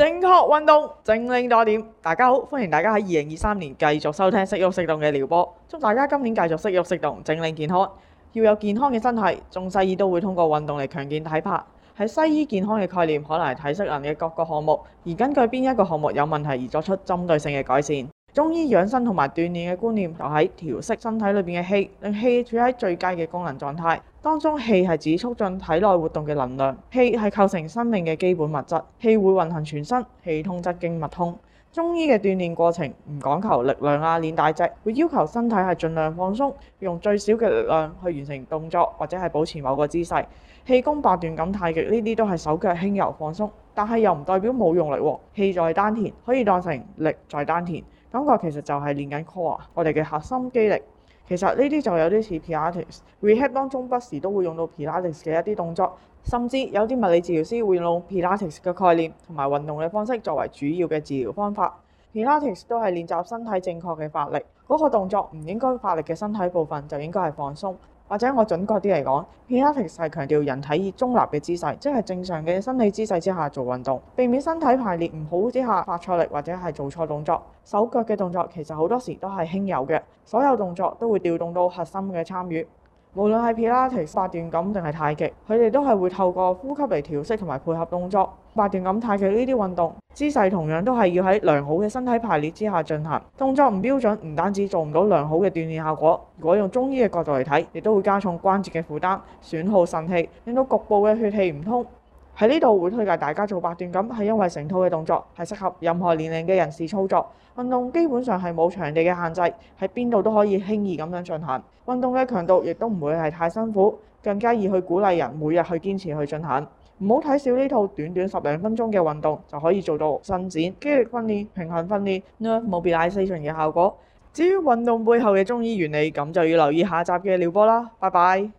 正確運動，整理多點。大家好，歡迎大家喺二零二三年繼續收聽適郁適動嘅療播。祝大家今年繼續適郁適動，整理健康。要有健康嘅身體，中西醫都會通過運動嚟強健體魄。喺西醫健康嘅概念，可能係體適能嘅各個項目，而根據邊一個項目有問題而作出針對性嘅改善。中醫養生同埋鍛煉嘅觀念就係調息身體裏面嘅氣，令氣處喺最佳嘅功能狀態。當中氣係指促進體內活動嘅能量，氣係構成生命嘅基本物質，氣會運行全身，氣通則經脈通。中醫嘅鍛煉過程唔講求力量啊，練大隻，會要求身體係盡量放鬆，用最少嘅力量去完成動作或者係保持某個姿勢。氣功八段錦、太極呢啲都係手腳輕柔放鬆，但係又唔代表冇用力喎。氣在丹田，可以當成力在丹田。感覺其實就係練緊 core，我哋嘅核心肌力。其實呢啲就有啲似 Pilates，rehab 當中不時都會用到 Pilates 嘅一啲動作，甚至有啲物理治療師會用 Pilates 嘅概念同埋運動嘅方式作為主要嘅治療方法。Pilates 都係練習身體正確嘅發力，嗰、那個動作唔應該發力嘅身體部分就應該係放鬆。或者我準確啲嚟講，Pilates 係強調人體以中立嘅姿勢，即係正常嘅生理姿勢之下做運動，避免身體排列唔好之下發錯力或者係做錯動作。手腳嘅動作其實好多時都係輕柔嘅，所有動作都會調動到核心嘅參與。無論係普拉提、八段錦定係太極，佢哋都係會透過呼吸嚟調息同埋配合動作。八段錦、太極呢啲運動姿勢同樣都係要喺良好嘅身體排列之下進行。動作唔標準，唔單止做唔到良好嘅鍛煉效果，如果用中醫嘅角度嚟睇，亦都會加重關節嘅負擔，損耗腎氣，令到局部嘅血氣唔通。喺呢度會推介大家做八段，咁係因為成套嘅動作係適合任何年齡嘅人士操作。運動基本上係冇場地嘅限制，喺邊度都可以輕易咁樣進行。運動嘅強度亦都唔會係太辛苦，更加易去鼓勵人每日去堅持去進行。唔好睇少呢套短短十兩分鐘嘅運動就可以做到伸展、肌力訓練、平衡訓練呢冇邊 l a t 嘅效果。至於運動背後嘅中醫原理，咁就要留意下集嘅聊波啦。拜拜。